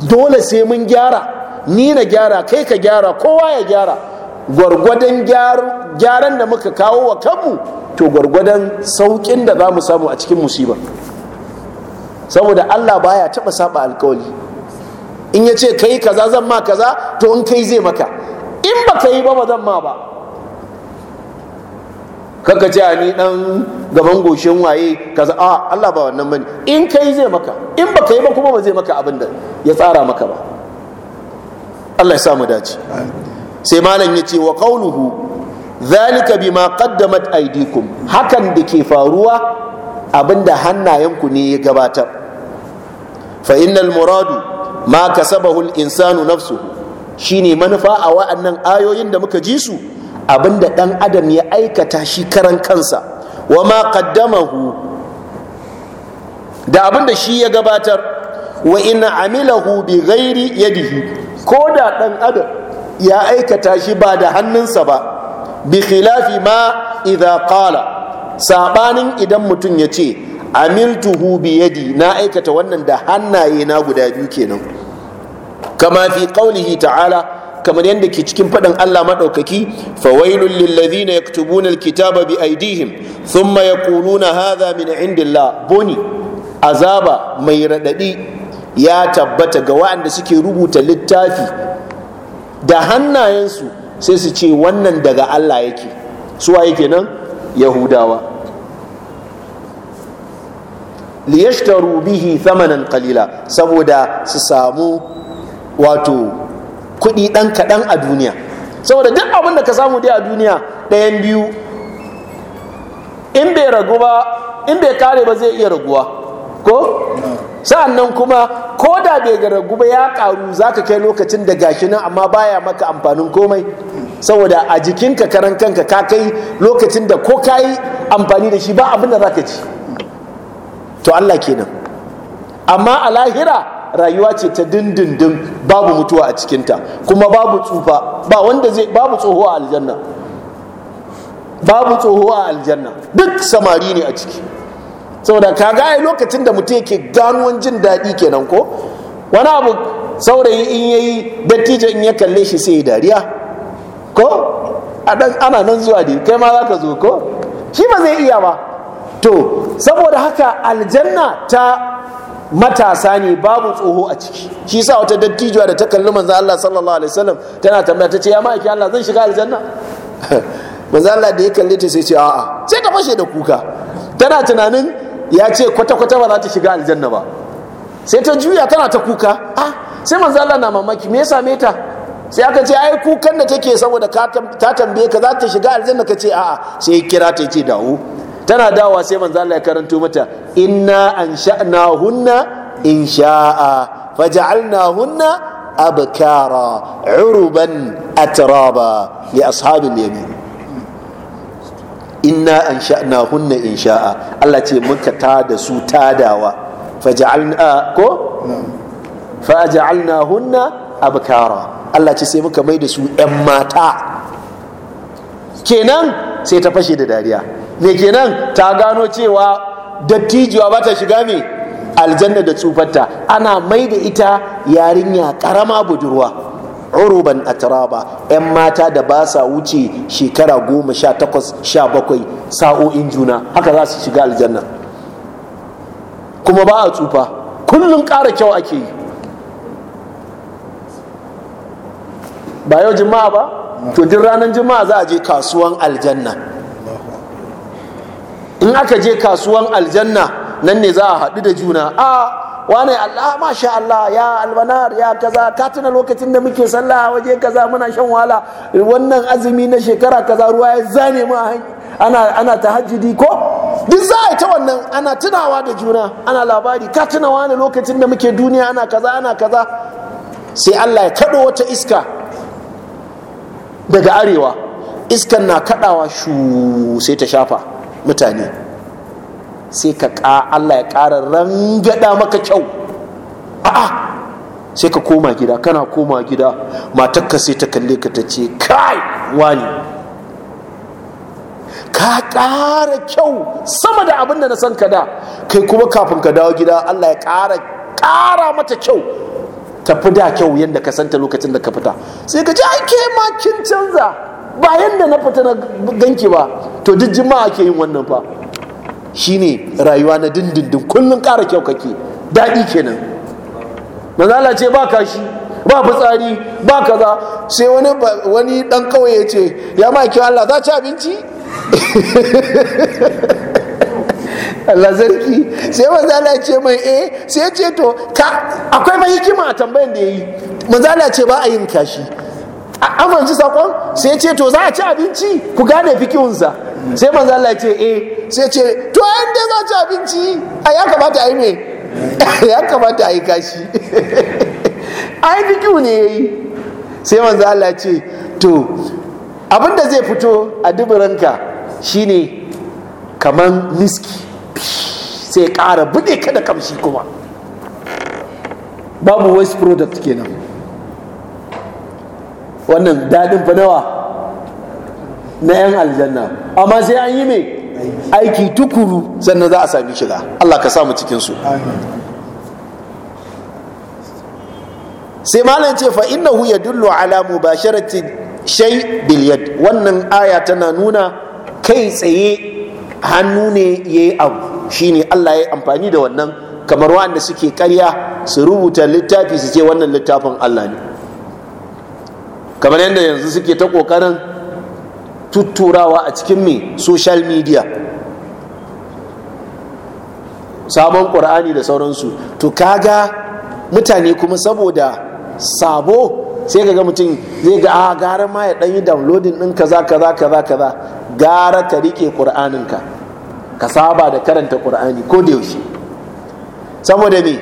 Speaker 1: dole sai mun gyara ni na gyara kai ka gyara kowa ya gyara gwargwadon gyaran da muka kawo wa kanmu to gwargwadon saukin da za mu samu a cikin musiba saboda Allah baya taba saba alkawali in ya ce kai kaza zan ma kaza to in kai zai maka in ba ka yi ba ba zan ma ba kanka ce ni dan gaban goshin waye kaza a Allah ba wannan bane in kai zai maka in baka yi ba kuma ba zai maka abin da ya tsara maka ba Allah ya sa mu dace sai malam ya ce wa qawluhu dhalika bima qaddamat aydikum hakan da ke faruwa abinda hannayenku ne ya gabatar fa innal muradu ma kasabahu al insanu nafsuhu shine manufa a wa'annan ayoyin da muka ji su abinda ɗan adam ya aikata shi karan kansa wa ma qaddamahu da abinda shi ya gabatar wa in amilahu bi ghairi yadihi ko da dan adam ya aikata shi ba da hannunsa ba bi khilafi ma idza qala sabanin idan mutum ya ce amiltuhu bi yadi na aikata wannan da hannaye na guda biyu kenan kama fi qawlihi ta'ala kamar yadda ke cikin faɗin Allah maɗaukaki fawailul lillazina yaktubuna alkitaba bi aidihim thumma yaquluna hadha min indillah boni azaba mai radadi ya tabbata ga waɗanda suke rubuta littafi da hannayensu sai su ce wannan daga Allah yake suwa yake nan yahudawa liyashtaru bihi thamanan qalila saboda su samu wato kuɗi ɗan kaɗan a duniya saboda duk abin da ka samu dai a duniya ɗayan biyu in bai ragu ba in bai kare ba zai iya raguwa ko nan kuma ko da bai ga ragu ba ya karu za ka kai lokacin da gashi nan amma baya maka amfanin komai saboda a jikinka karan kanka ka kai lokacin da ko ka yi amfani da shi ba abin da za ka ci to allah kenan amma a lahira rayuwa ce ta dindindin babu mutuwa a cikinta kuma babu tsufa ba wanda zai babu tsoho a aljanna babu tsoho a aljanna duk samari ne a ciki saboda ka ai lokacin da mutum yake ganuwan jin daɗi kenan ko wani abu saurayi in ya yi dattijo in ya kalle shi sai ya dariya ko ana nan zuwa dai kai ma za ka zo ko shi ba zai iya ba to saboda haka aljanna ta matasa ne babu tsoho a ciki shi sa wata dattijuwa da ta kalli manzo Allah sallallahu alaihi wasallam tana tambaya ta ce ya ma'aiki Allah zan shiga aljanna *laughs* manzo Allah da ya kalle ta sai ce a'a sai ta fashe da kuka tana tunanin ya ce kwata kwata ba za ta shiga aljanna ba sai ta juya tana ta kuka ah sai manzo Allah na mamaki me ya same ta sai aka ce ai kukan da take saboda ta tambaye ka za ta shiga aljanna ka ce a'a sai kira ta ce dawo tana dawa sai manzo Allah ya karanto mata inna hunna insha'a hunna abkara uruban atraba li ashabil yamin inna hunna insha'a Allah ce muka tada su tadawa faj'alna ko hunna abkara Allah ce sai muka mai da su 'yan mata kenan sai ta fashe da dariya me kenan ta gano cewa dattijuwa ba ta shiga me aljanna da tsufarta ana mai da ita yarinya karama budurwa uruban atraba 'yan mata da ba sa wuce shekara goma sha takwas sha bakwai sa'o'in juna haka za su shiga aljanna kuma ba a tsufa kullum ƙara kyau ake yi ba yau jima'a ba to duk ranar jima'a za a je kasuwan aljanna in aka je kasuwan aljanna nan ne za a haɗu da juna a wane Allah masha Allah ya albanar ya kaza ka tuna lokacin da muke sallah waje kaza muna shan wala wannan azumi na shekara kaza ruwa ya zane mu ana ana tahajjudi ko duk za a ta wannan ana tunawa da juna ana labari ka tuna wani lokacin da muke duniya ana kaza ana kaza sai Allah ya kaɗo wata iska daga arewa iskan na kaɗawa shu sai ta shafa mutane sai ka Allah ya ƙara rangada maka kyau a'a sai ka koma gida kana koma gida matakka sai ta kalle ka ta ce kai wani ka ƙara kyau sama da abin da na san ka da kai kuma kafin ka dawo gida Allah ya ƙara ƙara mata kyau tafi da kyau yadda ka santa lokacin da ka fita sai ka ce ai ke ma canza ba yadda na fita na ganki ba to duk jima'a ke yin wannan fa shine rayuwa na dindindin kullum ƙara kyau kake daɗi kenan manzala ce ba kashi ba fitsari ba kaza sai wani wani dan kawai ya ce ya ma kiwa Allah za ci abinci *laughs* Allah zarki sai manzala ce mai eh sai ya ce to akwai mai hikima a tambayar da ya yi manzala ce ba a yin kashi A amince sakon sai ce to za a ci abinci ku gane fikihunsa sai manzo Allah ya ce eh sai ce to an dai za a ci abinci a ya kamata a yi me *laughs* ya kamata a yi kashi *laughs* ai fikihu ne yayi sai manzo Allah ya ce to abin da zai fito a duburanka shine kamar miski sai ƙara buɗe ka da kamshi kuma babu waste product kenan wannan daɗin fa na 'yan aljanna amma sai an yi mai aiki tukuru sannan za a sami shiga Allah ka samu cikinsu sai malam ce fa innahu yadullu ala mubasharati shay bil yad wannan aya tana nuna kai tsaye hannu ne yayi abu shine Allah ya amfani da wannan kamar wanda suke karya su rubuta littafi su ce wannan littafin Allah ne kamar yadda yanzu suke ta kokarin tutturawa a cikin me social media sabon ƙur'ani da sauransu to kaga mutane kuma saboda sabo sai ga mutum zai ga a ah, gara ma ya dan yi downloading din kaza kaza kaza kaza gara ka rike ƙur'aninka ka saba da karanta ƙur'ani ko da yaushe saboda me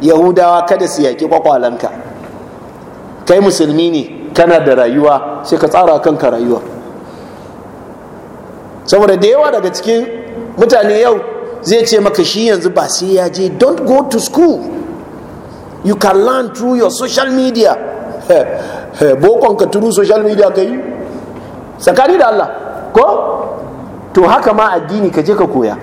Speaker 1: yahudawa kada su yaki kwakwalanka kai musulmi ne kana da rayuwa sai ka tsara kanka rayuwa saboda da yawa daga cikin mutane yau zai ce maka shi yanzu ba sai ya je don't go to school you can learn through your social media *laughs* bokon ka turu social media ka yi tsakani da Allah ko to haka ma addini ka je ka koya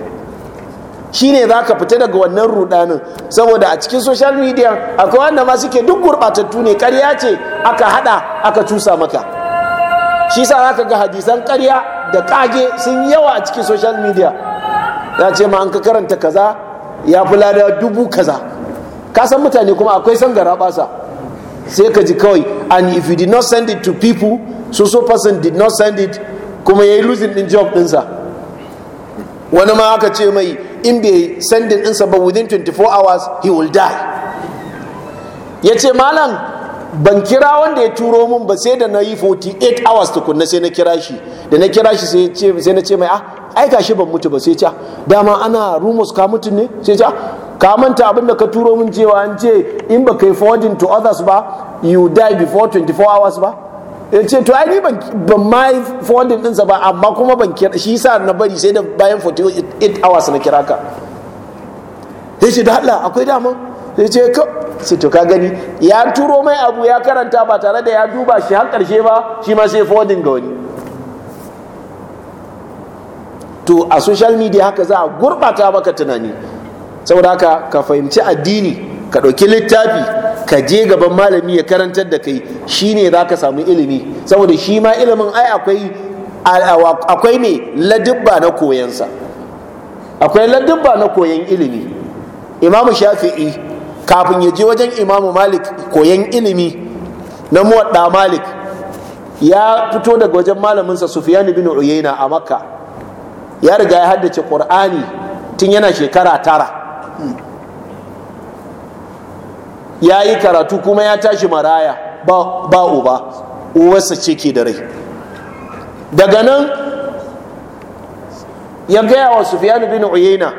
Speaker 1: shine za ka fita daga wannan rudanin saboda a cikin social media akwai wanda ma suke duk gurɓatattu ne karya ce aka hada aka cusa maka shi sa za ka ga hadisan karya da ƙage sun yawa a cikin social media ya ce ma an ka karanta kaza ya fula da dubu kaza ka san mutane kuma akwai san gara basa sai ka ji kawai and if you did not send it to people so so person did not send it kuma ya yi losing din job dinsa wani ma aka ce mai in be sending insa ba within 24 hours he will die ya ce malam ban kira wanda ya turo min ba sai da na yi 48 hours tukunna sai na kira shi da na kira shi sai na ce mai ah ai gashi ban mutu ba sai ce ah, dama ana rumus ka mutu ne sai ce ah, ka manta abin da ka turo mun cewa an ce in ba kai forwarding to others ba you die before 24 hours ba ya ce to ai ni ban ma yi fondin ɗinsa ba amma kuma ban kira shi sa na bari sai da bayan 48 hours na kira ka ya ce da Allah akwai dama ya ce ka sai to ka gani ya turo mai abu ya karanta ba tare da ya duba shi har karshe ba shi ma sai fondin ga wani to a social media haka za a gurɓata maka tunani saboda haka ka fahimci addini ka ɗauki littafi ka je gaban malami ya karantar da kai shine za ka samu ilimi saboda shi ma ilimin ai akwai akwai ne ladubba na koyansa akwai ladubba na koyan ilimi imamu shafi'i kafin ya je wajen imamu malik koyan ilimi na muwadda malik ya fito daga wajen malaminsa sufyan bin uyayna a makka ya riga ya haddace Kur'ani tun yana shekara tara ya yi karatu kuma ya tashi maraya ba uba uwarsa ce ke da rai daga nan ya gaya wa sufiyanu bin uyayna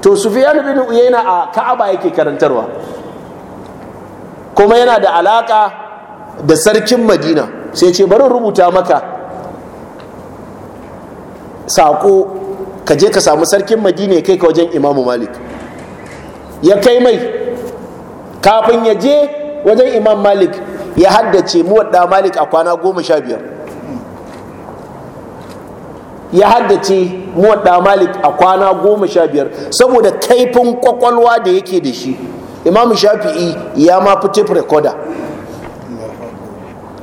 Speaker 1: to Sufiyanu bin uyayna a ka'aba yake karantarwa kuma yana da alaka da sarkin madina sai ce barin rubuta maka sako ka je ka samu sarkin madina kai ka wajen imamu malik ya kai mai kafin ya je wajen imam malik ya haddace muwadda malik a kwana goma sha biyar ya haddace muwadda malik a kwana goma sha biyar saboda kaifin kwakwalwa da yake da shi imam shafi'i ya ma fi tape rekoda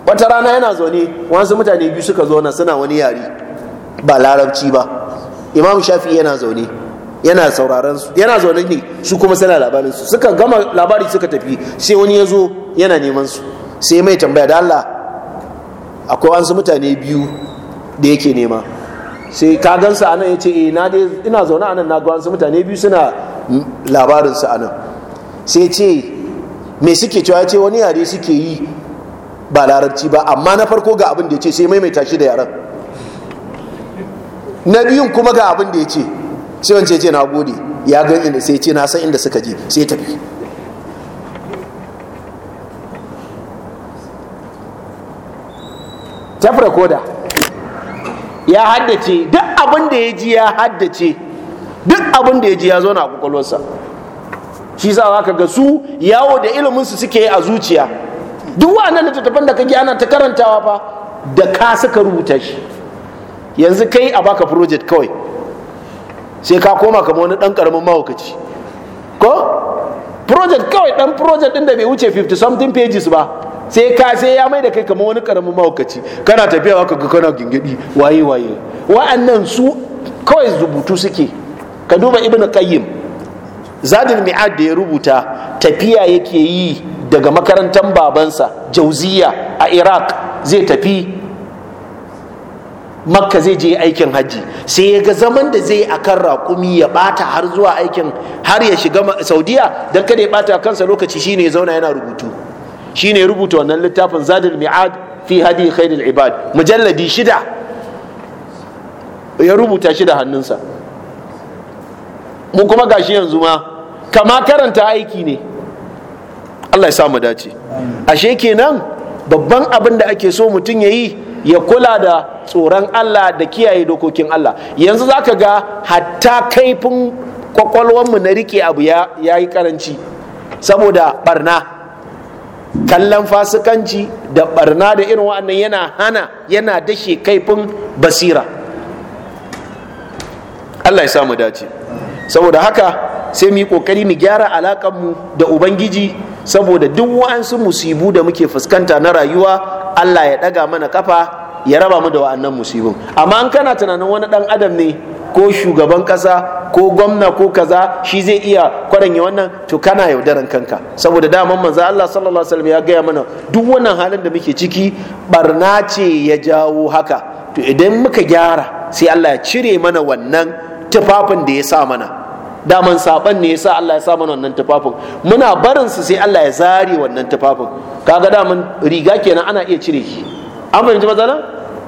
Speaker 1: wata rana yana zaune wasu mutane biyu suka zo suna wani yare ba larabci ba imam shafi'i yana zaune yana sauraron su yana zaune ne su kuma suna labarin su suka gama labari suka tafi sai wani ya zo yana neman su sai mai tambaya da Allah akwai wasu mutane biyu da yake nema sai ka gansu anan ya ce eh, na dai ina zaune anan na ga wasu mutane biyu suna labarin su anan sai ce me suke cewa ya ce wani yare suke yi ba larabci ba amma na farko ga abin da ya ce sai maimaita shi da yaren na biyun kuma ga abin da ya ce sai wance ce na gode ya gan inda sai ce na san inda suka je sai tafi Tafra koda ya haddace duk abin da ya ji ya haddace duk abin da ya ji ya zo na kwakwalwarsa shi za ka ga su yawo da iliminsu suke yi a zuciya duk wa'annan littattafan da kake ana ta karantawa fa da ka suka rubuta shi yanzu kai a baka project kawai sai ka koma kama wani ɗan karamin mahaukaci ko project kawai dan project din da bai wuce 50 something pages ba sai ka sai ya mai da kai kama wani karamin mahaukaci kana tafiya waka ga kana gingidi waye waye wa'annan su kawai rubutu suke ka duba ibnu qayyim zadin mi'ad da ya rubuta tafiya yake yi daga makarantar babansa jauziya a iraq zai tafi makka zai je aikin hajji sai ya ga zaman da zai a kan raƙumi ya bata har zuwa aikin har ya shiga saudiya don kada ya bata kansa lokaci shine ya zauna yana rubutu shine ya rubuta wannan littafin zadil mi'ad fi hadi khairul ibad mujalladi shida ya rubuta shi da hannunsa Mun kuma gashi yanzu ma kama karanta aiki ne Allah ya sa mu dace ashe kenan babban abin da ake so mutum ya yi ya kula da tsoron Allah da kiyaye dokokin Allah yanzu za ka ga hatta kaifin kwakwalwanmu na rike abu ya yi karanci saboda barna kallon fasikanci da barna da irin wa'annan yana hana yana dashe kaifin basira Allah ya samu dace saboda haka sai mu yi kokari mu gyara alakanmu da ubangiji saboda duk wa'ansu musibu da muke fuskanta na rayuwa Allah ya ɗaga mana kafa ya raba mu da wa'annan musibin amma an kana tunanin wani ɗan adam ne ko shugaban ƙasa ko gwamna ko kaza shi zai iya kwaranya wannan to kana yaudaran kanka saboda daman manzo Allah sallallahu alaihi wasallam ya gaya mana duk wannan halin da muke ciki barna ce ya jawo haka to idan muka gyara sai Allah ya cire mana wannan tufafin da ya sa mana daman saban ne yasa Allah ya sa mana wannan tufafin muna barin su sai Allah ya zare wannan tufafin kaga daman riga kenan ana iya cire shi an fahimci matsalar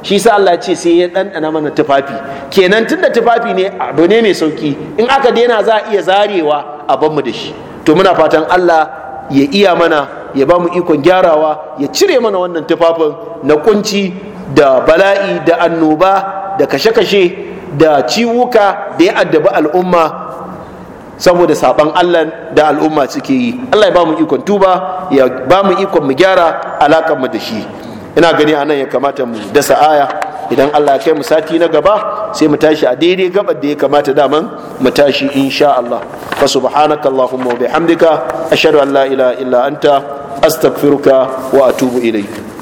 Speaker 1: shi sa Allah ya ce sai ya ɗanɗana mana tufafi kenan tunda tufafi ne abu ne mai sauki in aka daina za a iya zarewa a banmu da shi to muna fatan Allah ya iya mana ya ba mu ikon gyarawa ya cire mana wannan tufafin na kunci da bala'i da annoba da kashe-kashe da ciwuka da ya addabi al'umma saboda saban Allah da al'umma suke yi Allah ya ba mu ikon tuba ya ba mu ikon mu gyara alakan mu da shi ina gani anan ya kamata mu dasa aya idan Allah ya kai mu sati na gaba sai mu tashi a daidai gabar da ya kamata daman mu tashi insha Allah fa subhanaka allahumma wa bihamdika ashhadu an la ilaha illa anta astaghfiruka wa atubu ilayk